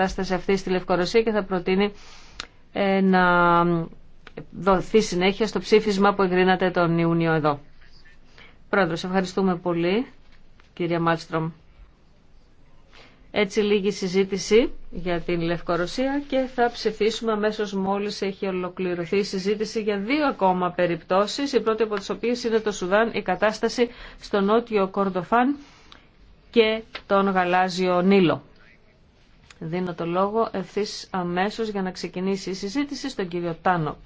κατάσταση αυτή στη Λευκορωσία και θα προτείνει ε, να δοθεί συνέχεια στο ψήφισμα που εγκρίνατε τον Ιούνιο εδώ. Πρόεδρο, ευχαριστούμε πολύ, κυρία Μάλστρομ. Έτσι λίγη συζήτηση για την Λευκορωσία και θα ψηφίσουμε αμέσω μόλις έχει ολοκληρωθεί η συζήτηση για δύο ακόμα περιπτώσεις, η πρώτη από τις οποίες είναι το Σουδάν, η κατάσταση στο νότιο Κορδοφάν και τον γαλάζιο Νείλο. Δίνω το λόγο ευθύ αμέσως για να ξεκινήσει η συζήτηση στον κύριο Τάνοκ.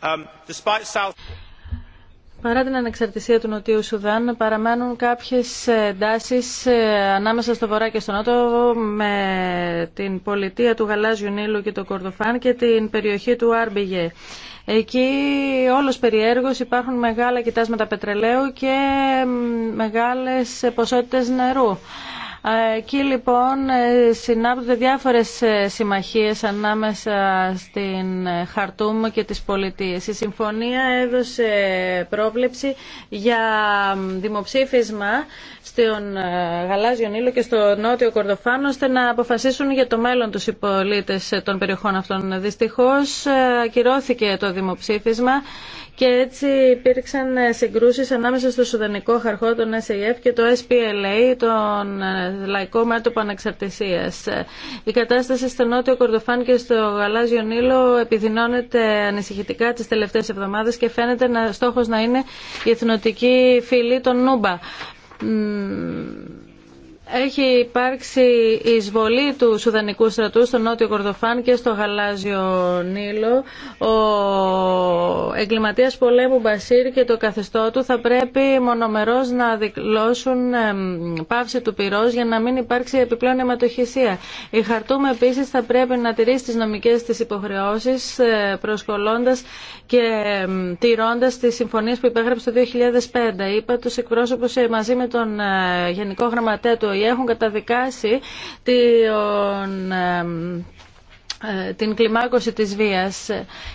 Um, Παρά την ανεξαρτησία του Νοτιού Σουδάν, παραμένουν κάποιες εντάσεις ε, ανάμεσα στο Βορρά και στο Νότο με την πολιτεία του Γαλάζιου Νείλου και το Κορδοφάν και την περιοχή του Άρμπιγε. Εκεί όλος περιέργως υπάρχουν μεγάλα κοιτάσματα πετρελαίου και μεγάλες ποσότητες νερού. Εκεί λοιπόν ε, συνάπτονται διάφορες ε, συμμαχίες ανάμεσα στην ε, Χαρτούμ και τις πολιτείες. Η συμφωνία έδωσε πρόβλεψη για δημοψήφισμα στον Γαλάζιο Νείλο και στο Νότιο Κορδοφάνο, ώστε να αποφασίσουν για το μέλλον τους οι πολίτες των περιοχών αυτών. Δυστυχώς ακυρώθηκε το δημοψήφισμα και έτσι υπήρξαν συγκρούσεις ανάμεσα στο Σουδανικό Χαρχό, τον SAF και το SPLA, τον ε, Λαϊκό Μέτωπο Ανεξαρτησίας. Η κατάσταση στο Νότιο Κορδοφάν και στο Γαλάζιο Νείλο επιδεινώνεται ανησυχητικά τις τελευταίες εβδομάδες και φαίνεται να, στόχος να είναι η εθνοτική φυλή των Νούμπα. Έχει υπάρξει εισβολή του Σουδανικού στρατού στο Νότιο Κορδοφάν και στο Γαλάζιο Νείλο. Ο εγκληματίας πολέμου Μπασίρ και το καθεστώ του θα πρέπει μονομερώς να δηλώσουν πάυση του πυρός για να μην υπάρξει επιπλέον αιματοχυσία. Η Χαρτούμ επίσης θα πρέπει να τηρήσει τις νομικές της υποχρεώσεις ε, προσκολώντας και τηρώντας τις συμφωνίες που υπέγραψε το 2005. Είπα τους εκπρόσωπους μαζί με τον ε, Γενικό Γραμματέα του ΟΗΕ έχουν καταδικάσει τον ε, την κλιμάκωση της βίας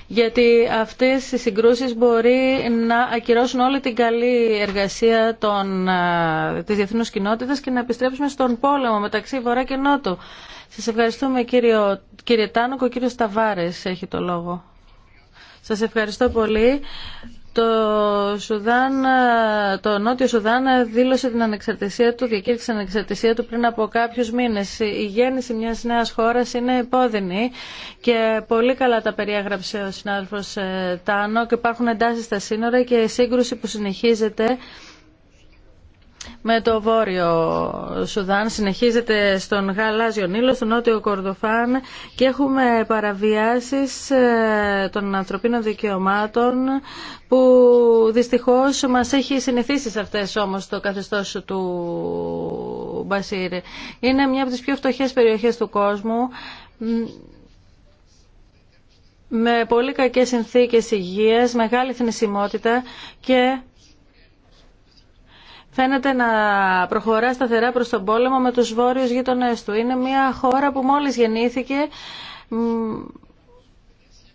γιατί αυτές οι συγκρούσεις μπορεί να ακυρώσουν όλη την καλή εργασία των, ε, της διεθνούς κοινότητας και να επιστρέψουμε στον πόλεμο μεταξύ Βορρά και Νότου. Σας ευχαριστούμε κύριο, κύριε Τάνοκο, ο κύριος Ταβάρες έχει το λόγο. Σας ευχαριστώ πολύ. Το, Σουδάν, το Νότιο Σουδάν δήλωσε την ανεξαρτησία του, διακήρυξε την ανεξαρτησία του πριν από κάποιους μήνες. Η γέννηση μιας νέας χώρας είναι υπόδεινη και πολύ καλά τα περιέγραψε ο συνάδελφος ε, Τάνο και υπάρχουν εντάσεις στα σύνορα και η σύγκρουση που συνεχίζεται με το Βόρειο Σουδάν. Συνεχίζεται στον Γαλάζιο Νείλο, στον Νότιο Κορδοφάν και έχουμε παραβιάσεις ε, των ανθρωπίνων δικαιωμάτων που δυστυχώς μας έχει συνηθίσει σε αυτές όμως το καθεστώς του Μπασίρ. Είναι μια από τις πιο φτωχές περιοχές του κόσμου με πολύ κακές συνθήκες υγείας, μεγάλη θνησιμότητα και φαίνεται να προχωρά σταθερά προς τον πόλεμο με τους βόρειους γείτονές του. Είναι μια χώρα που μόλις γεννήθηκε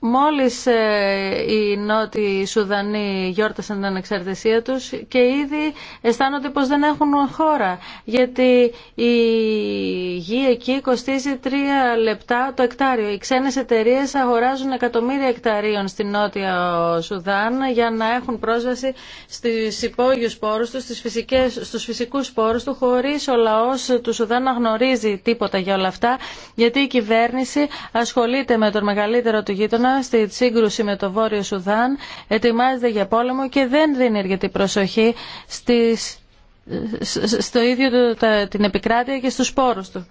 Μόλις ε, οι Νότιοι Σουδανοί γιόρτασαν την ανεξαρτησία τους και ήδη αισθάνονται πως δεν έχουν χώρα γιατί η γη εκεί κοστίζει τρία λεπτά το εκτάριο. Οι ξένες εταιρείε αγοράζουν εκατομμύρια εκταρίων στην Νότια Σουδάν για να έχουν πρόσβαση στις υπόγειους πόρους τους, στις φυσικές, στους φυσικούς πόρους του χωρίς ο λαός του Σουδάν να γνωρίζει τίποτα για όλα αυτά γιατί η κυβέρνηση ασχολείται με τον μεγαλύτερο του γείτονα στην στη σύγκρουση με το Βόρειο Σουδάν, ετοιμάζεται για πόλεμο και δεν δίνει αρκετή προσοχή στις, στο ίδιο την επικράτεια και στους πόρους του.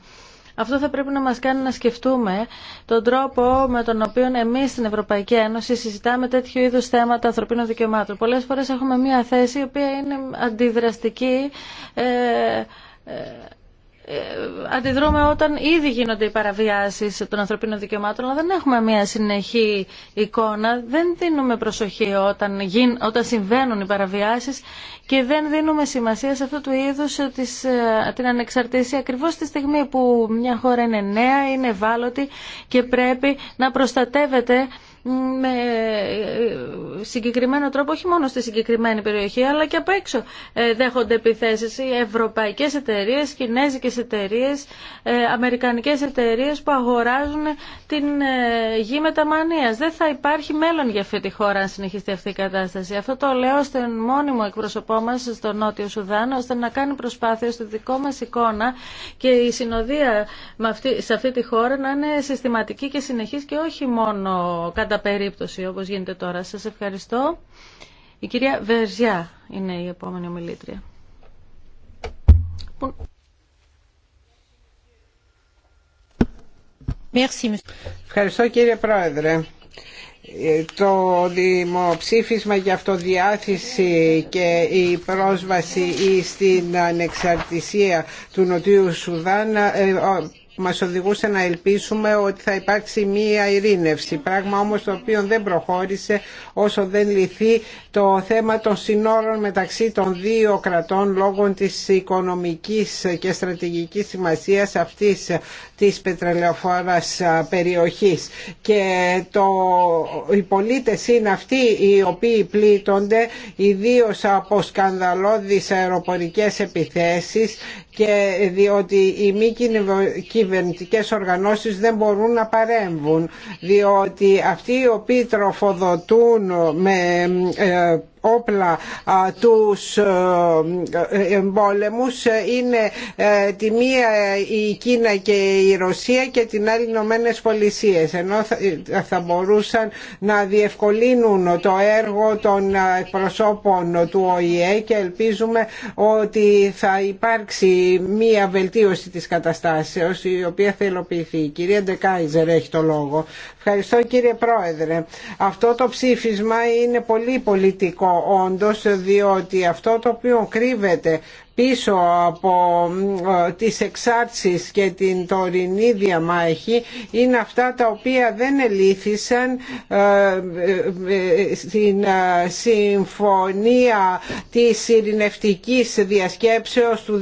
Αυτό θα πρέπει να μας κάνει να σκεφτούμε τον τρόπο με τον οποίο εμείς στην Ευρωπαϊκή Ένωση συζητάμε τέτοιου είδους θέματα ανθρωπίνων δικαιωμάτων. Πολλές φορές έχουμε μια θέση η οποία είναι αντιδραστική, ε, ε ε, αντιδρούμε όταν ήδη γίνονται οι παραβιάσεις των ανθρωπίνων δικαιωμάτων, αλλά δεν έχουμε μια συνεχή εικόνα, δεν δίνουμε προσοχή όταν, γίν, όταν συμβαίνουν οι παραβιάσεις και δεν δίνουμε σημασία σε αυτό του είδους της, ε, την ανεξαρτησία ακριβώς τη στιγμή που μια χώρα είναι νέα, είναι ευάλωτη και πρέπει να προστατεύεται με συγκεκριμένο τρόπο, όχι μόνο στη συγκεκριμένη περιοχή, αλλά και απ' έξω ε, δέχονται επιθέσεις οι ευρωπαϊκές εταιρείες, κινέζικες εταιρείες, ε, αμερικανικές εταιρείες που αγοράζουν την ε, γη μεταμανίας. Δεν θα υπάρχει μέλλον για αυτή τη χώρα αν συνεχιστεί αυτή η κατάσταση. Αυτό το λέω στον μόνιμο εκπροσωπό μας στο Νότιο Σουδάν, ώστε να κάνει προσπάθεια στη δικό μας εικόνα και η συνοδεία σε αυτή τη χώρα να είναι συστηματική και συνεχής και όχι μόνο κατά κατά περίπτωση όπως γίνεται τώρα. Σας ευχαριστώ. Η κυρία Βερζιά είναι η επόμενη ομιλήτρια. Ευχαριστώ κύριε Πρόεδρε ε, το δημοψήφισμα για αυτοδιάθεση και η πρόσβαση στην ανεξαρτησία του Νοτιού Σουδάν ε, μας οδηγούσε να ελπίσουμε ότι θα υπάρξει μία ειρήνευση, πράγμα όμως το οποίο δεν προχώρησε όσο δεν λυθεί το θέμα των συνόρων μεταξύ των δύο κρατών λόγω της οικονομικής και στρατηγικής σημασίας αυτής της πετρελαιοφόρας περιοχής. Και το, οι πολίτες είναι αυτοί οι οποίοι πλήττονται ιδίω από σκανδαλώδεις αεροπορικές επιθέσεις και διότι η μη κυβερνητικές οργανώσεις δεν μπορούν να παρέμβουν διότι αυτοί οι οποίοι τροφοδοτούν με ε, όπλα τους ε, ε, εμπόλεμου ε, είναι τη μία η Κίνα και η Ρωσία και την άλλη οι Ηνωμένε Πολιτείε. ενώ θα μπορούσαν να διευκολύνουν το έργο των προσώπων του ΟΗΕ και ελπίζουμε ότι θα υπάρξει μία βελτίωση της καταστάσεως η οποία θα υλοποιηθεί. Η κυρία Ντεκάιζερ έχει το λόγο. Ευχαριστώ κύριε Πρόεδρε. Αυτό το ψήφισμα είναι πολύ πολιτικό όντως διότι αυτό το οποίο κρύβεται πίσω από ε, τις εξάρτησεις και την τωρινή διαμάχη είναι αυτά τα οποία δεν ελήθησαν ε, ε, στην συμφωνία της ειρηνευτικής διασκέψεως του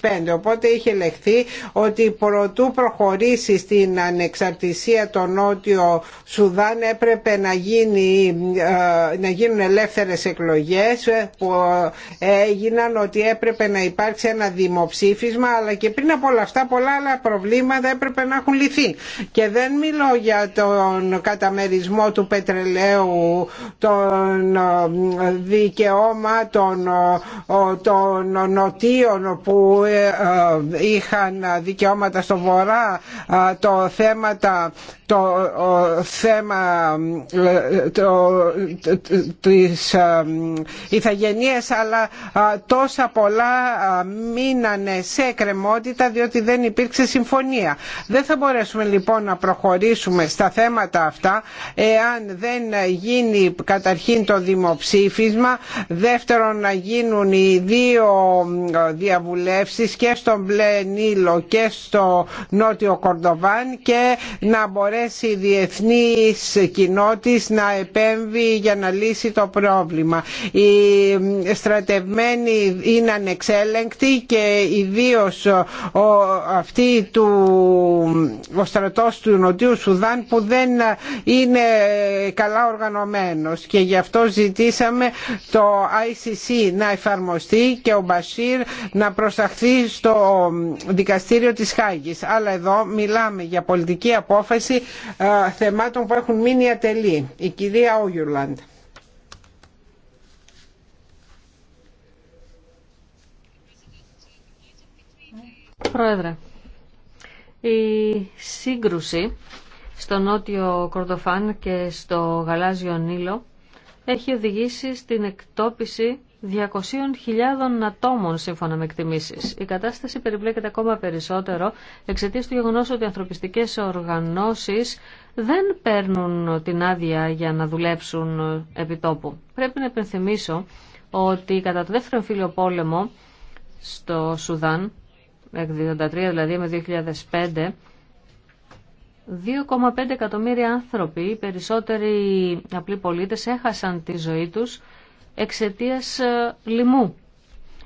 2005. Οπότε είχε λεχθεί ότι προτού προχωρήσει στην ανεξαρτησία το Νότιο Σουδάν έπρεπε να, γίνει, να γίνουν ελεύθερες εκλογές που έγιναν ότι έπρεπε έπρεπε να υπάρξει ένα δημοψήφισμα αλλά και πριν από όλα αυτά πολλά άλλα προβλήματα έπρεπε να έχουν λυθεί. Και δεν μιλώ για τον καταμερισμό του πετρελαίου, ε, των δικαιώματων ε, των νοτίων που ε, είχαν δικαιώματα στο βορρά, το θέματα το θέμα το, της ηθαγενείας αλλά τόσα πολλά αλλά μείνανε σε εκκρεμότητα διότι δεν υπήρξε συμφωνία. Δεν θα μπορέσουμε λοιπόν να προχωρήσουμε στα θέματα αυτά εάν δεν γίνει καταρχήν το δημοψήφισμα, δεύτερον να γίνουν οι δύο διαβουλεύσεις και στον Μπλε Νίλο και στο Νότιο Κορδοβάν και να μπορέσει η διεθνής κοινότης να επέμβει για να λύσει το πρόβλημα. Οι στρατευμένοι είναι ανεξέλεγκτη και ιδίως αυτή του, ο στρατός του Νοτιού Σουδάν που δεν είναι καλά οργανωμένος και γι' αυτό ζητήσαμε το ICC να εφαρμοστεί και ο Μπασίρ να προσταχθεί στο δικαστήριο της Χάγης. Αλλά εδώ μιλάμε για πολιτική απόφαση ε, θεμάτων που έχουν μείνει ατελεί. Η κυρία Όγιουλαντ. Πρόεδρε, η σύγκρουση στο νότιο Κορδοφάν και στο γαλάζιο Νείλο έχει οδηγήσει στην εκτόπιση 200.000 ατόμων σύμφωνα με εκτιμήσεις. Η κατάσταση περιπλέκεται ακόμα περισσότερο εξαιτίας του γεγονός ότι οι ανθρωπιστικές οργανώσεις δεν παίρνουν την άδεια για να δουλέψουν επί τόπου. Πρέπει να επενθυμίσω ότι κατά το δεύτερο φίλιο πόλεμο στο Σουδάν 1983 δηλαδή με 2005, 2,5 εκατομμύρια άνθρωποι, οι περισσότεροι απλοί πολίτες, έχασαν τη ζωή τους εξαιτίας ε, λοιμού.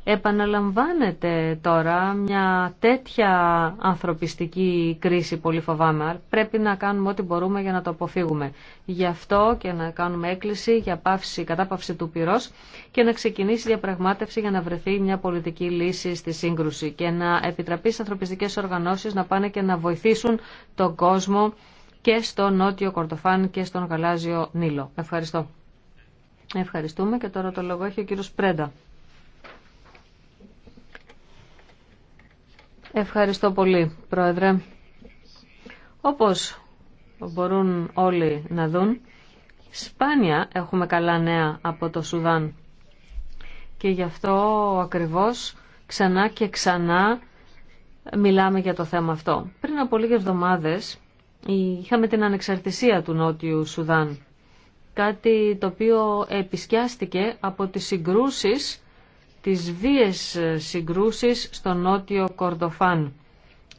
Επαναλαμβάνεται τώρα μια τέτοια ανθρωπιστική κρίση, πολύ φοβάμαι. Πρέπει να κάνουμε ό,τι μπορούμε για να το αποφύγουμε. Γι' αυτό και να κάνουμε έκκληση για πάυση, κατάπαυση του πυρός και να ξεκινήσει διαπραγμάτευση για να βρεθεί μια πολιτική λύση στη σύγκρουση και να επιτραπεί στις ανθρωπιστικές οργανώσεις να πάνε και να βοηθήσουν τον κόσμο και στο Νότιο Κορτοφάν και στον Γαλάζιο Νείλο. Ευχαριστώ. Ευχαριστούμε και τώρα το λόγο έχει ο κύριος Πρέντα. Ευχαριστώ πολύ, Πρόεδρε. Όπως μπορούν όλοι να δουν, σπάνια έχουμε καλά νέα από το Σουδάν. Και γι' αυτό ακριβώς ξανά και ξανά μιλάμε για το θέμα αυτό. Πριν από λίγες εβδομάδες είχαμε την ανεξαρτησία του Νότιου Σουδάν. Κάτι το οποίο επισκιάστηκε από τις συγκρούσεις τις βίες συγκρούσεις στο νότιο Κορδοφάν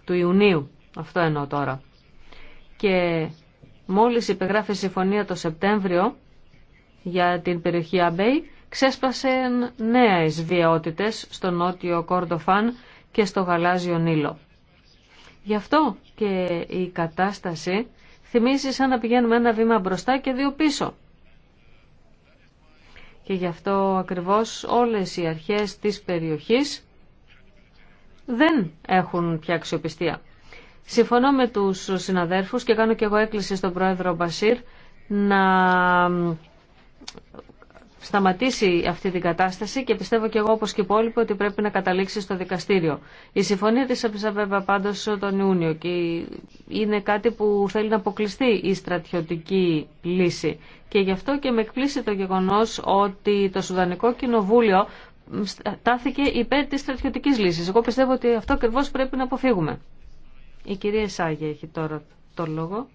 του Ιουνίου. Αυτό εννοώ τώρα. Και μόλις υπεγράφει συμφωνία το Σεπτέμβριο για την περιοχή Αμπέι, ξέσπασε νέες βιαιότητες στο νότιο Κορδοφάν και στο γαλάζιο Νείλο. Γι' αυτό και η κατάσταση θυμίζει σαν να πηγαίνουμε ένα βήμα μπροστά και δύο πίσω. Και γι' αυτό ακριβώς όλες οι αρχές της περιοχής δεν έχουν πια αξιοπιστία. Συμφωνώ με τους συναδέρφους και κάνω και εγώ έκκληση στον πρόεδρο Μπασίρ να σταματήσει αυτή την κατάσταση και πιστεύω και εγώ όπως και οι υπόλοιποι ότι πρέπει να καταλήξει στο δικαστήριο. Η συμφωνία της βέβαια πάντως τον Ιούνιο και είναι κάτι που θέλει να αποκλειστεί η στρατιωτική λύση. Και γι' αυτό και με εκπλήσει το γεγονός ότι το Σουδανικό Κοινοβούλιο τάθηκε υπέρ της στρατιωτικής λύσης. Εγώ πιστεύω ότι αυτό ακριβώ πρέπει να αποφύγουμε. Η κυρία Σάγια έχει τώρα το λόγο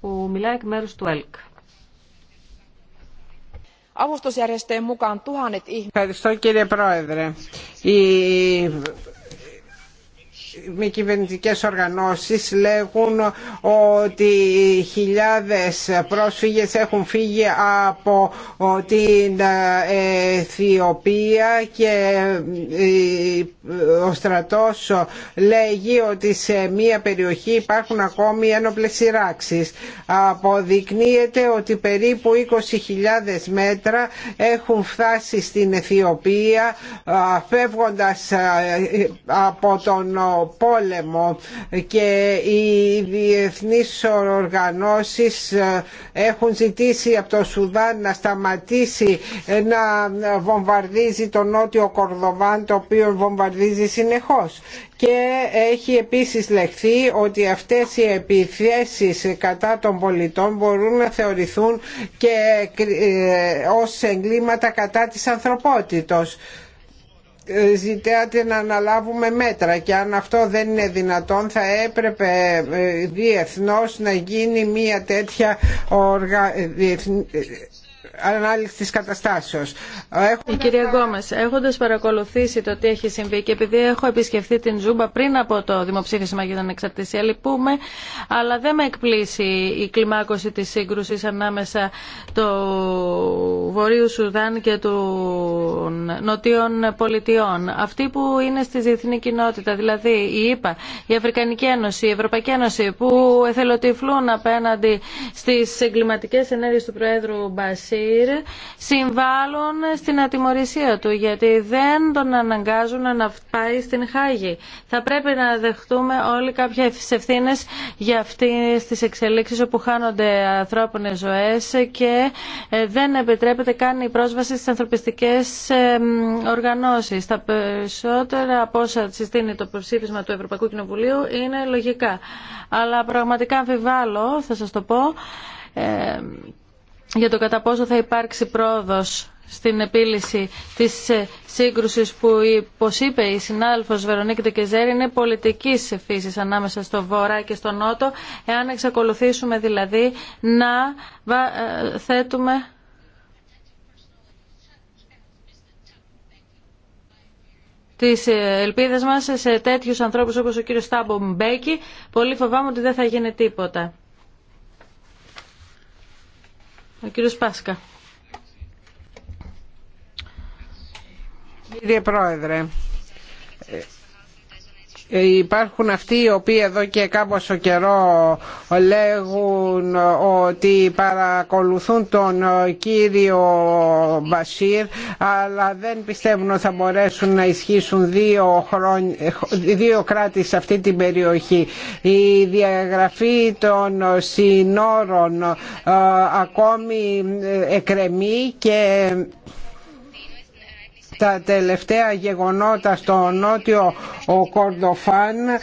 που μιλάει εκ μέρους του ΕΛΚ. Avustusjärjestöjen mukaan tuhannet ihmiset μη κυβερνητικές οργανώσεις λέγουν ότι χιλιάδες πρόσφυγες έχουν φύγει από την Αιθιοπία και ο στρατός λέγει ότι σε μία περιοχή υπάρχουν ακόμη ένοπλες σειράξεις. Αποδεικνύεται ότι περίπου 20.000 μέτρα έχουν φτάσει στην Αιθιοπία φεύγοντας από τον πόλεμο και οι διεθνείς οργανώσεις ε, έχουν ζητήσει από το Σουδάν να σταματήσει ε, να βομβαρδίζει τον νότιο Κορδοβάν το οποίο βομβαρδίζει συνεχώς και έχει επίσης λεχθεί ότι αυτές οι επιθέσεις κατά των πολιτών μπορούν να θεωρηθούν και ε, ως εγκλήματα κατά της ανθρωπότητος ζητάτε να αναλάβουμε μέτρα και αν αυτό δεν είναι δυνατόν θα έπρεπε ε, διεθνώς να γίνει μια τέτοια οργα ανάλυση καταστάσεως. Η ε, κυρία Γκόμες, έχοντας παρακολουθήσει το τι έχει συμβεί και επειδή έχω επισκεφθεί την Ζούμπα πριν από το δημοψήφισμα για την εξαρτησία, λυπούμε, αλλά δεν με εκπλήσει η κλιμάκωση της σύγκρουσης ανάμεσα του Βορείου Σουδάν και των Νοτιών Πολιτιών. Αυτοί που είναι στη διεθνή κοινότητα, δηλαδή η ΕΠΑ, η Αφρικανική Ένωση, η Ευρωπαϊκή Ένωση, που εθελοτυφλούν απέναντι στις εγκληματικέ ενέργειες του Προέδρου Μπασί, συμβάλλουν στην ατιμορρησία του γιατί δεν τον αναγκάζουν να πάει στην Χάγη. Θα πρέπει να δεχτούμε όλοι κάποια ευθύνε για αυτή τι εξελίξει όπου χάνονται ανθρώπινε ζωέ και ε, δεν επιτρέπεται καν η πρόσβαση στι ανθρωπιστικέ ε, οργανώσει. Τα περισσότερα από όσα συστήνει το ψήφισμα του Ευρωπαϊκού Κοινοβουλίου είναι λογικά. Αλλά πραγματικά αμφιβάλλω, θα σα το πω, ε, για το κατά πόσο θα υπάρξει πρόοδος στην επίλυση της ε, σύγκρουσης που είπε η συνάδελφος Βερονίκη Τεκεζέρη είναι πολιτικής φύσης ανάμεσα στο Βορρά και στο Νότο εάν εξακολουθήσουμε δηλαδή να ε, θέτουμε τις ε, ελπίδες μας σε τέτοιους ανθρώπους όπως ο κύριος Στάμπο Μπέκη πολύ φοβάμαι ότι δεν θα γίνει τίποτα. Ο κύριος Πάσκα. Κύριε Πρόεδρε, Υπάρχουν αυτοί οι οποίοι εδώ και ο καιρό λέγουν ότι παρακολουθούν τον κύριο Μπασίρ αλλά δεν πιστεύουν ότι θα μπορέσουν να ισχύσουν δύο, δύο κράτη σε αυτή την περιοχή. Η διαγραφή των συνόρων ε, ακόμη ε, εκρεμεί και τα τελευταία γεγονότα στο νότιο ο Κορδοφάν ε,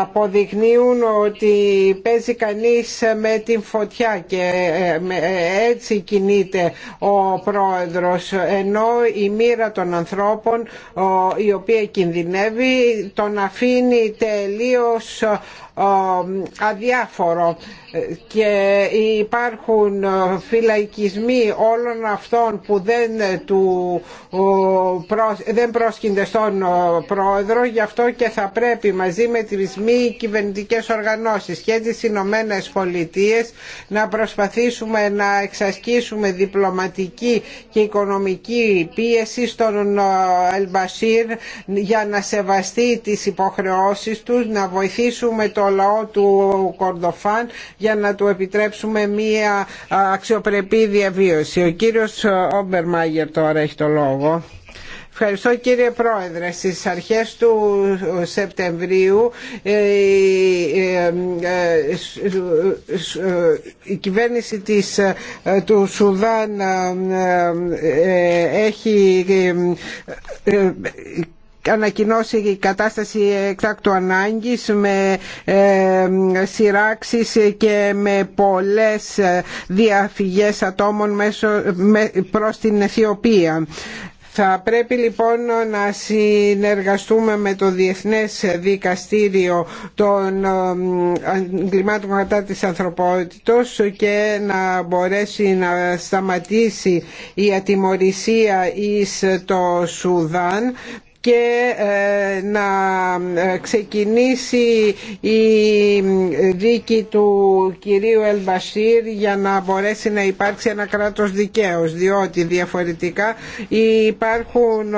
αποδεικνύουν ότι παίζει κανείς με την φωτιά και ε, ε, έτσι κινείται ο πρόεδρος ενώ η μοίρα των ανθρώπων η οποία κινδυνεύει τον αφήνει τελείως αδιάφορο και υπάρχουν φυλακισμοί όλων αυτών που δεν του δεν πρόσκυνται στον ε, πρόεδρο γι' αυτό και θα πρέπει μαζί με τις μη κυβερνητικές οργανώσεις και τις Ηνωμένε Πολιτείε να προσπαθήσουμε να εξασκήσουμε διπλωματική και οικονομική πίεση στον Ελμπασίρ για να σεβαστεί τις υποχρεώσεις του να βοηθήσουμε το λαό του Κορδοφάν για να του επιτρέψουμε μία ε, αξιοπρεπή διαβίωση. Ο κύριος ε, Όμπερ Μάγερ τώρα έχει το λόγο. Ευχαριστώ κύριε Πρόεδρε. Στις αρχές του Σεπτεμβρίου ε, ε, ε, η κυβέρνηση της, του Σουδάν έχει ανακοινώσει η κατάσταση εκτάκτου ανάγκης με ε, σειράξεις και με πολλές διαφυγές ατόμων μέσω, προς την Αιθιοπία. Θα πρέπει λοιπόν να συνεργαστούμε με το Διεθνές Δικαστήριο των ε, εγκλημάτων κατά της ανθρωπότητος και να μπορέσει να σταματήσει η ατιμορρησία εις το Σουδάν και ε, να ε, ξεκινήσει η ε, δίκη του κυρίου Ελμπασίρ για να μπορέσει να υπάρξει ένα κράτος δικαίως διότι διαφορετικά υπάρχουν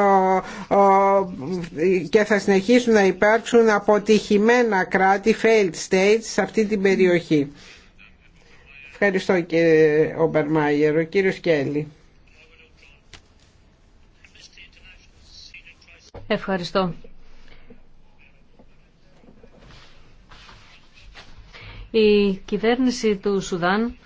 και θα συνεχίσουν να υπάρξουν αποτυχημένα κράτη failed states σε αυτή την περιοχή. Ευχαριστώ κύριε Ομπερμάγερ. Ο κύριος Κέλλη. Ευχαριστώ. Η κυβέρνηση του Σουδάν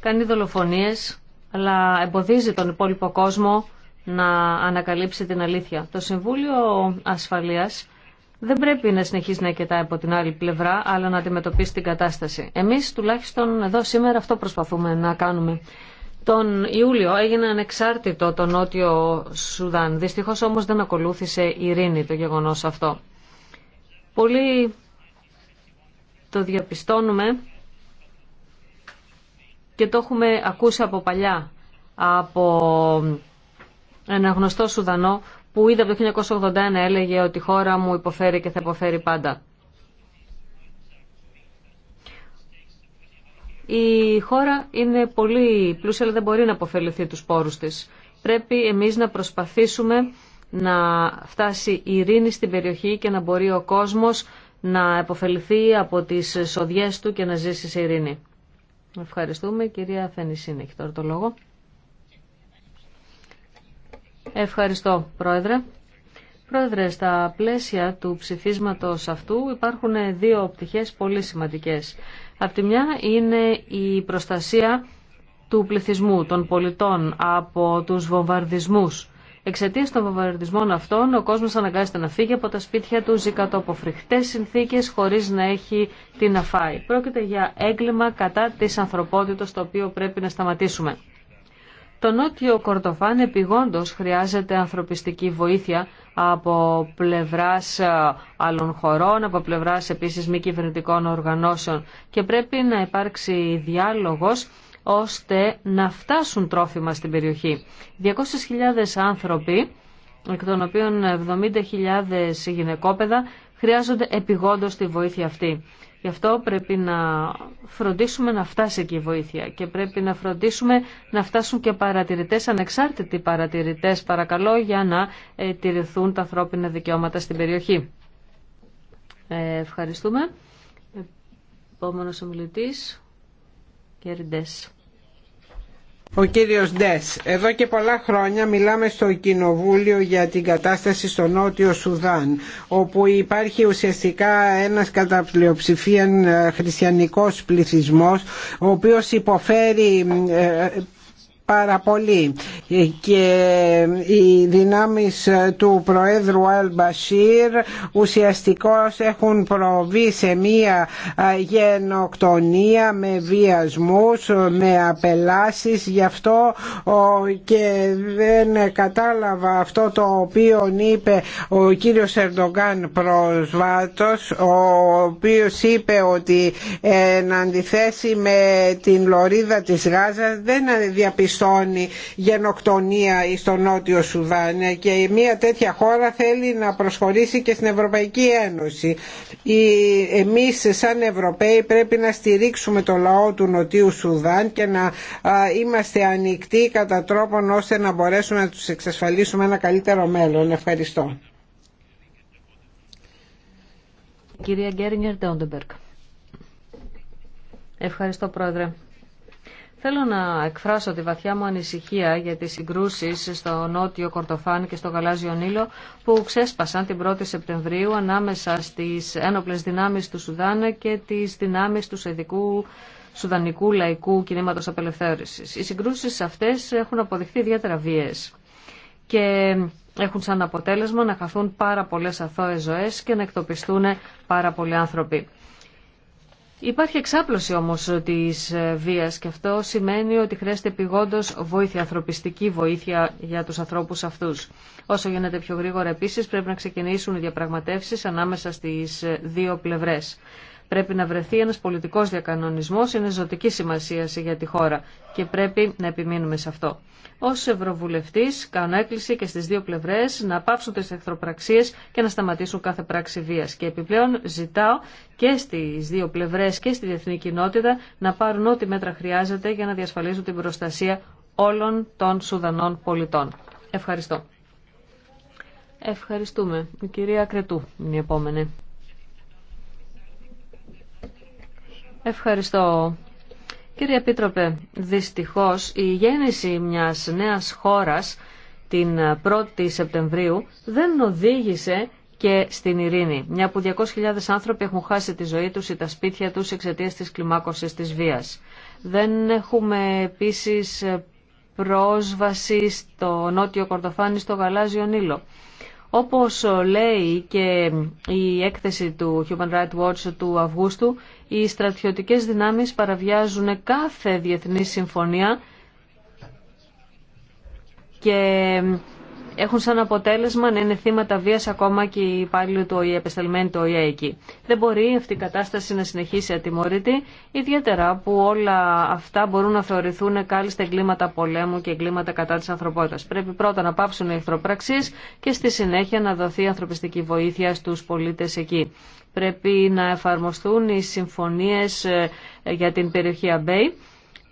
κάνει δολοφονίες, αλλά εμποδίζει τον υπόλοιπο κόσμο να ανακαλύψει την αλήθεια. Το Συμβούλιο Ασφαλείας δεν πρέπει να συνεχίζει να κοιτάει από την άλλη πλευρά, αλλά να αντιμετωπίσει την κατάσταση. Εμείς τουλάχιστον εδώ σήμερα αυτό προσπαθούμε να κάνουμε. Τον Ιούλιο έγινε ανεξάρτητο το Νότιο Σουδάν. Δυστυχώς όμως δεν ακολούθησε ειρήνη το γεγονός αυτό. Πολύ το διαπιστώνουμε και το έχουμε ακούσει από παλιά από ένα γνωστό Σουδανό που είδε από το 1981 έλεγε ότι η χώρα μου υποφέρει και θα υποφέρει πάντα. Η χώρα είναι πολύ πλούσια, αλλά δεν μπορεί να αποφεληθεί τους πόρους της. Πρέπει εμείς να προσπαθήσουμε να φτάσει η ειρήνη στην περιοχή και να μπορεί ο κόσμος να αποφεληθεί από τις σοδιές του και να ζήσει σε ειρήνη. Ευχαριστούμε. Κυρία Φενισίνη, έχει τώρα το λόγο. Ευχαριστώ, Πρόεδρε. Πρόεδρε, στα πλαίσια του ψηφίσματος αυτού υπάρχουν δύο πτυχές πολύ σημαντικές. Απ' τη μια είναι η προστασία του πληθυσμού, των πολιτών από τους βομβαρδισμούς. Εξαιτία των βομβαρδισμών αυτών, ο κόσμος αναγκάζεται να φύγει από τα σπίτια του, ζει κάτω από φρικτές συνθήκες, χωρίς να έχει τι να φάει. Πρόκειται για έγκλημα κατά της ανθρωπότητας, το οποίο πρέπει να σταματήσουμε. Το Νότιο Κορδοφάν επιγόντω χρειάζεται ανθρωπιστική βοήθεια από πλευράς ε, άλλων χωρών, από πλευράς επίσης μη κυβερνητικών οργανώσεων και πρέπει να υπάρξει διάλογος ώστε να φτάσουν τρόφιμα στην περιοχή. 200.000 άνθρωποι, εκ των οποίων 70.000 γυναικόπαιδα, χρειάζονται επιγόντως τη βοήθεια αυτή. Γι' αυτό πρέπει να φροντίσουμε να φτάσει εκεί η βοήθεια και πρέπει να φροντίσουμε να φτάσουν και παρατηρητές, ανεξάρτητοι παρατηρητές παρακαλώ, για να τηρηθούν τα ανθρώπινα δικαιώματα στην περιοχή. Ε, ευχαριστούμε. Επόμενος ομιλητής, κύριε ο κύριος Ντες, εδώ και πολλά χρόνια μιλάμε στο Κοινοβούλιο για την κατάσταση στο Νότιο Σουδάν, όπου υπάρχει ουσιαστικά ένας κατά πλειοψηφία ε, χριστιανικός πληθυσμός, ο οποίος υποφέρει ε, πάρα πολύ και οι δυνάμεις του Προέδρου Αλ Μπασίρ ουσιαστικώς έχουν προβεί σε μία γενοκτονία με βιασμούς, με απελάσεις γι' αυτό και δεν κατάλαβα αυτό το οποίο είπε ο κύριος Ερντογκάν προσβάτος ο οποίος είπε ότι εν αντιθέσει με την λωρίδα της Γάζας δεν διαπιστώ διαπιστώνει γενοκτονία στο Νότιο Σουδάν και μια τέτοια χώρα θέλει να προσχωρήσει και στην Ευρωπαϊκή Ένωση. Εμείς σαν Ευρωπαίοι πρέπει να στηρίξουμε το λαό του Νοτιού Σουδάν και να είμαστε ανοιχτοί κατά τρόπον ώστε να μπορέσουμε να τους εξασφαλίσουμε ένα καλύτερο μέλλον. Ευχαριστώ. Κυρία Ευχαριστώ, Πρόεδρε. Θέλω να εκφράσω τη βαθιά μου ανησυχία για τις συγκρούσεις στο νότιο Κορτοφάν και στο Γαλάζιο Νείλο που ξέσπασαν την 1η Σεπτεμβρίου ανάμεσα στις ένοπλες δυνάμεις του Σουδάν και τις δυνάμεις του Σεδικού Σουδανικού Λαϊκού Κινήματος Απελευθέρωσης. Οι συγκρούσεις αυτές έχουν αποδειχθεί ιδιαίτερα βίες και έχουν σαν αποτέλεσμα να χαθούν πάρα πολλές αθώες ζωές και να εκτοπιστούν πάρα πολλοί άνθρωποι. Υπάρχει εξάπλωση όμως της ε, βίας και αυτό σημαίνει ότι χρειάζεται επιγόντως βοήθεια, ανθρωπιστική βοήθεια για τους ανθρώπους αυτούς. Όσο γίνεται πιο γρήγορα επίσης πρέπει να ξεκινήσουν οι διαπραγματεύσεις ανάμεσα στις ε, δύο πλευρές. Πρέπει να βρεθεί ένας πολιτικός διακανονισμός, είναι ζωτική σημασία για τη χώρα και πρέπει να επιμείνουμε σε αυτό. Ως Ευρωβουλευτής κάνω έκκληση και στις δύο πλευρές να πάψουν τις εχθροπραξίες και να σταματήσουν κάθε πράξη βίας. Και επιπλέον ζητάω και στις δύο πλευρές και στη διεθνή κοινότητα να πάρουν ό,τι μέτρα χρειάζεται για να διασφαλίσουν την προστασία όλων των Σουδανών πολιτών. Ευχαριστώ. Ευχαριστούμε. Η κυρία Κρετού είναι η επόμενη. Ευχαριστώ. Κύριε Επίτροπε, δυστυχώς η γέννηση μιας νέας χώρας την 1η Σεπτεμβρίου δεν οδήγησε και στην ειρήνη, μια που 200.000 άνθρωποι έχουν χάσει τη ζωή τους ή τα σπίτια τους εξαιτίας της κλιμάκωσης της βίας. Δεν έχουμε επίσης πρόσβαση στο νότιο Κορδοφάνη, στο Γαλάζιο Νείλο. Όπως λέει και η έκθεση του Human Rights Watch του Αυγούστου, οι στρατιωτικές δυνάμεις παραβιάζουν κάθε διεθνή συμφωνία και έχουν σαν αποτέλεσμα να είναι θύματα βίας ακόμα και οι υπάλληλοι του ΟΗΕ, επεσταλμένοι του ΟΗΕ εκεί. Δεν μπορεί αυτή η κατάσταση να συνεχίσει ατιμωρητή, ιδιαίτερα που όλα αυτά μπορούν να θεωρηθούν κάλλιστα εγκλήματα πολέμου και εγκλήματα κατά της ανθρωπότητας. Πρέπει πρώτα να πάψουν οι εχθροπραξίες και στη συνέχεια να δοθεί ανθρωπιστική βοήθεια στους πολίτες εκεί. Πρέπει να εφαρμοστούν οι συμφωνίες ε, για την περιοχή Αμπέη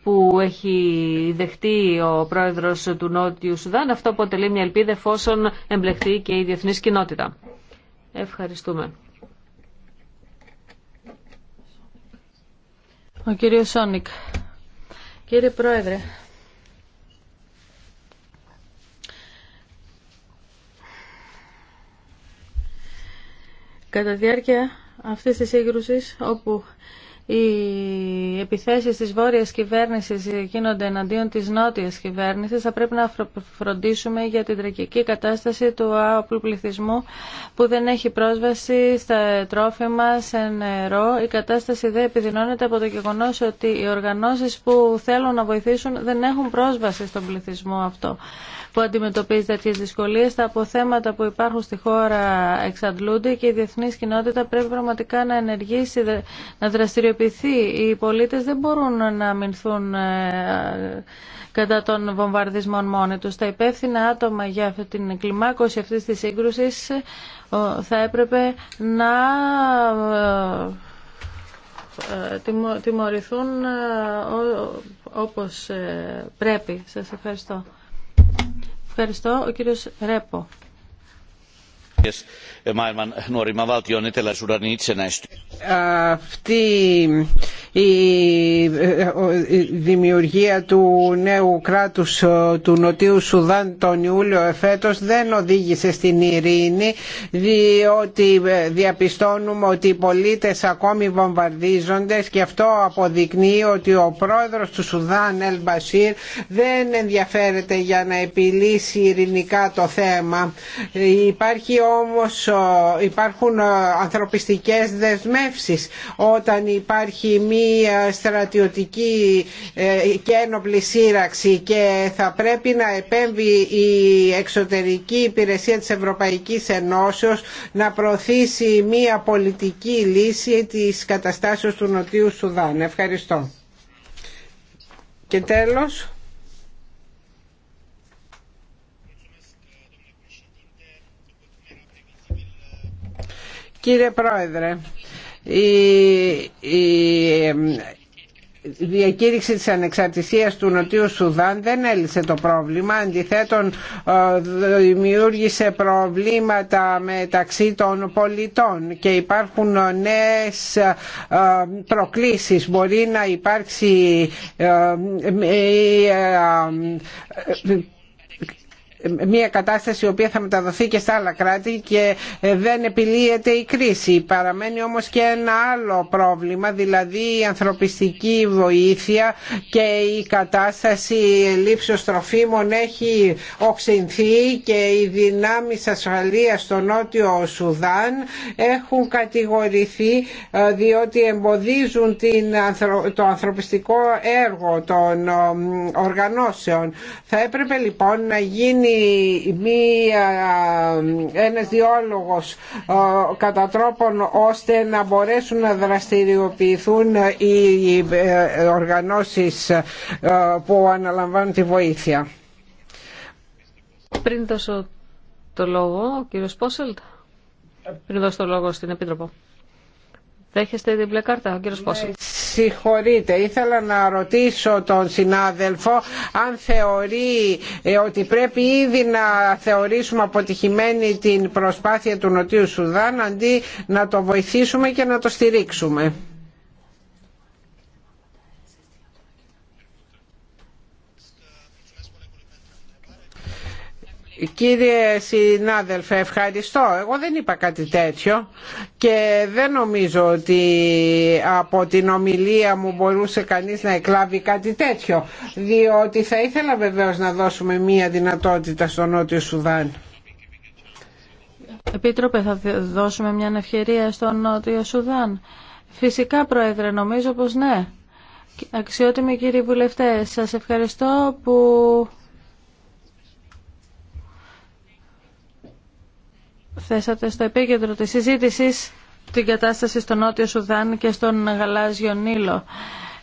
που έχει δεχτεί ο πρόεδρος του Νότιου Σουδάν. Αυτό αποτελεί μια ελπίδα εφόσον εμπλεχτεί και η διεθνής κοινότητα. Ευχαριστούμε. Ο κύριος Σόνικ. Κύριε Πρόεδρε, κατά διάρκεια αυτής της σύγκρουσης όπου οι επιθέσεις της βόρειας κυβέρνησης γίνονται εναντίον της νότιας κυβέρνησης, θα πρέπει να φροντίσουμε για την τραγική κατάσταση του αοπλού πληθυσμού που δεν έχει πρόσβαση στα τρόφιμα, σε νερό. Η κατάσταση δεν επιδεινώνεται από το γεγονός ότι οι οργανώσεις που θέλουν να βοηθήσουν δεν έχουν πρόσβαση στον πληθυσμό αυτό που αντιμετωπίζει τέτοιε δυσκολίε. Τα αποθέματα που υπάρχουν στη χώρα εξαντλούνται και η διεθνή κοινότητα πρέπει πραγματικά να ενεργήσει, να δραστηριοποιήσει οι πολίτες δεν μπορούν να αμυνθούν ε, κατά των βομβαρδισμών μόνοι τους. Τα υπεύθυνα άτομα για την κλιμάκωση αυτής της σύγκρουσης ε, θα έπρεπε να ε, τιμωρηθούν όπως πρέπει. Σας ευχαριστώ. Ευχαριστώ. Ο κύριος Ρέπο αυτή η δημιουργία του νέου κράτους του Νοτιού Σουδάν τον Ιούλιο εφέτος δεν οδήγησε στην ειρήνη διότι διαπιστώνουμε ότι οι πολίτες ακόμη βομβαρδίζονται και αυτό αποδεικνύει ότι ο πρόεδρος του Σουδάν Ελ Μπασίρ δεν ενδιαφέρεται για να επιλύσει ειρηνικά το θέμα. Υπάρχει όμως, υπάρχουν ανθρωπιστικές δεσμές όταν υπάρχει μία στρατιωτική ε, και ένοπλη σύραξη και θα πρέπει να επέμβει η εξωτερική υπηρεσία της Ευρωπαϊκής Ενώσεως να προωθήσει μία πολιτική λύση της καταστάσεως του Νοτιού Σουδάν. Ευχαριστώ. Και τέλος... Κύριε Πρόεδρε, η διακήρυξη της ανεξαρτησίας του Νοτιού Σουδάν δεν έλυσε το πρόβλημα αντιθέτων ε, δημιούργησε προβλήματα μεταξύ των πολιτών και υπάρχουν νέες ε, προκλήσεις μπορεί να υπάρξει ε, μια κατάσταση η οποία θα μεταδοθεί και στα άλλα κράτη και ε, δεν επιλύεται η κρίση. Παραμένει όμως και ένα άλλο πρόβλημα, δηλαδή η ανθρωπιστική βοήθεια και η κατάσταση λήψεως τροφίμων έχει οξυνθεί και οι δυνάμεις ασφαλείας στο νότιο Σουδάν έχουν κατηγορηθεί ε, διότι εμποδίζουν την, το ανθρωπιστικό έργο των ε, οργανώσεων. Θα έπρεπε λοιπόν να γίνει μία, ένας διόλογος ε, κατά τρόπον ώστε να μπορέσουν να δραστηριοποιηθούν οι ε, οργανώσεις ε, που αναλαμβάνουν τη βοήθεια. Πριν δώσω το λόγο, ο κύριος Πόσελτ, πριν δώσω το λόγο στην Επίτροπο. Δέχεστε την μπλε κάρτα, ο ναι, Συγχωρείτε, ήθελα να ρωτήσω τον συνάδελφο αν θεωρεί ε, ότι πρέπει ήδη να θεωρήσουμε αποτυχημένη την προσπάθεια του Νοτιού Σουδάν αντί να το βοηθήσουμε και να το στηρίξουμε. Κύριε συνάδελφε, ευχαριστώ. Εγώ δεν είπα κάτι τέτοιο και δεν νομίζω ότι από την ομιλία μου μπορούσε κανείς να εκλάβει κάτι τέτοιο, διότι θα ήθελα βεβαίως να δώσουμε μία δυνατότητα στο Νότιο Σουδάν. Επίτροπε, θα δώσουμε μια ευκαιρία στο Νότιο Σουδάν. Φυσικά, Πρόεδρε, νομίζω πως ναι. Αξιότιμοι κύριοι βουλευτές, σας ευχαριστώ που θέσατε στο επίκεντρο της συζήτησης την κατάσταση στο Νότιο Σουδάν και στον Γαλάζιο Νείλο.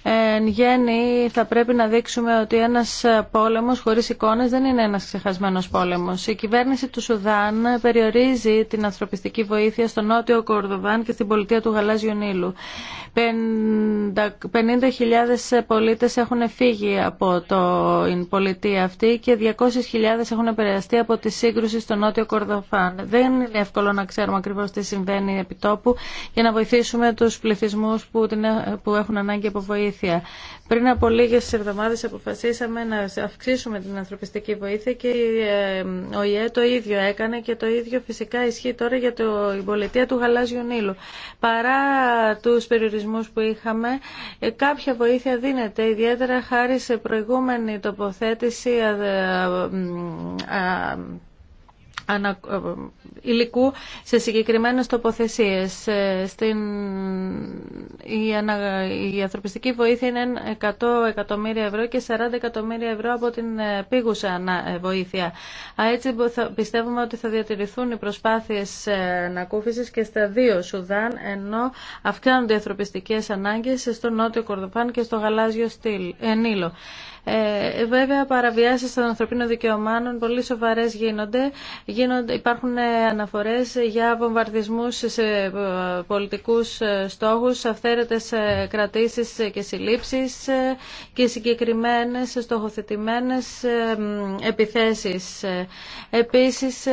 Εν γέννη θα πρέπει να δείξουμε ότι ένας πόλεμος χωρίς εικόνες δεν είναι ένας ξεχασμένος πόλεμος. Η κυβέρνηση του Σουδάν περιορίζει την ανθρωπιστική βοήθεια στο νότιο Κορδοβάν και στην πολιτεία του Γαλάζιου Νείλου. 50.000 πολίτες έχουν φύγει από την πολιτεία αυτή και 200.000 έχουν επηρεαστεί από τη σύγκρουση στο νότιο Κορδοφάν. Δεν είναι εύκολο να ξέρουμε ακριβώς τι συμβαίνει επί τόπου για να βοηθήσουμε τους πληθυσμούς που, που έχουν ανάγκη από βοήθεια. Πριν από λίγες εβδομάδες αποφασίσαμε να αυξήσουμε την ανθρωπιστική βοήθεια και ο ΙΕ το ίδιο έκανε και το ίδιο φυσικά ισχύει τώρα για το, την πολιτεία του Γαλάζιου Νείλου. Παρά τους περιορισμούς που είχαμε, κάποια βοήθεια δίνεται, ιδιαίτερα χάρη σε προηγούμενη τοποθέτηση ανα, υλικού σε συγκεκριμένες τοποθεσίες. Ε, στην... Η, ανθρωπιστική βοήθεια είναι 100 εκατομμύρια ευρώ και 40 εκατομμύρια ευρώ από την ε, πήγουσα ε, βοήθεια. Έτσι πιστεύουμε ότι θα διατηρηθούν οι προσπάθειες ανακούφισης και στα δύο Σουδάν, ενώ αυξάνονται οι ανθρωπιστικές ανάγκες στο Νότιο Κορδοφάν και στο Γαλάζιο Στήλ, Νείλο. Ε, βέβαια, παραβιάσεις των ανθρωπίνων δικαιωμάτων πολύ σοβαρέ γίνονται. γίνονται. Υπάρχουν αναφορές για βομβαρδισμούς σε ε, πολιτικούς ε, στόχους, αυθαίρετες ε, κρατήσεις και συλλήψεις και συγκεκριμένες στοχοθετημένες επιθέσεις. Επίσης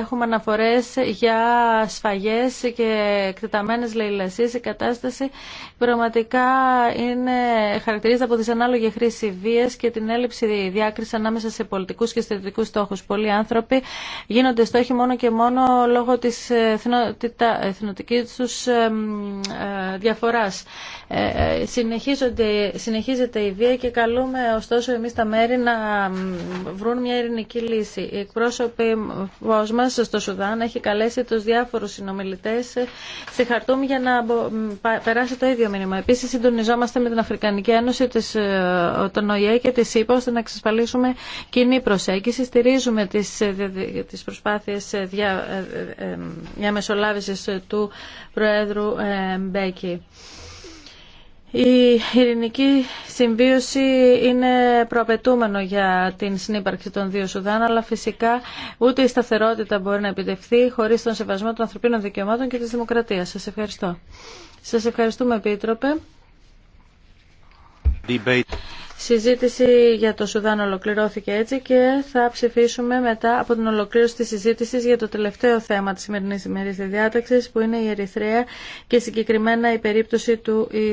έχουμε αναφορές για σφαγές και εκτεταμένες λαϊλασίες. Η κατάσταση πραγματικά είναι, χαρακτηρίζεται από δυσανάλογη χρήση βίας και την έλλειψη διάκριση ανάμεσα σε πολιτικούς και στρατιωτικούς στόχους. Πολλοί άνθρωποι γίνονται στόχοι μόνο και μόνο μόνο λόγω της εθνοτικής τους ε, διαφοράς. Ε, ε, συνεχίζονται, συνεχίζεται η βία και καλούμε ωστόσο εμείς τα μέρη να βρουν μια ειρηνική λύση. Η εκπρόσωπη μας στο Σουδάν έχει καλέσει τους διάφορους συνομιλητές σε Χαρτούμ για να περάσει το ίδιο μήνυμα. Επίσης συντονιζόμαστε με την Αφρικανική Ένωση, τον ΟΗΕ και τη ΣΥΠΑ ώστε να εξασφαλίσουμε κοινή προσέγγιση. Στηρίζουμε τις, τις προσπάθειες δια ε, ε, ε, μια μεσολάβηση του Προέδρου Μπέκη. Η ειρηνική συμβίωση είναι προαπαιτούμενο για την συνύπαρξη των δύο Σουδάν, αλλά φυσικά ούτε η σταθερότητα μπορεί να επιτευχθεί χωρίς τον σεβασμό των ανθρωπίνων δικαιωμάτων και της δημοκρατίας. Σας ευχαριστώ. Σας ευχαριστούμε, Επίτροπε συζήτηση για το Σουδάν ολοκληρώθηκε έτσι και θα ψηφίσουμε μετά από την ολοκλήρωση της συζήτησης για το τελευταίο θέμα της σημερινής ημερής διάταξης που είναι η Ερυθρέα και συγκεκριμένα η περίπτωση του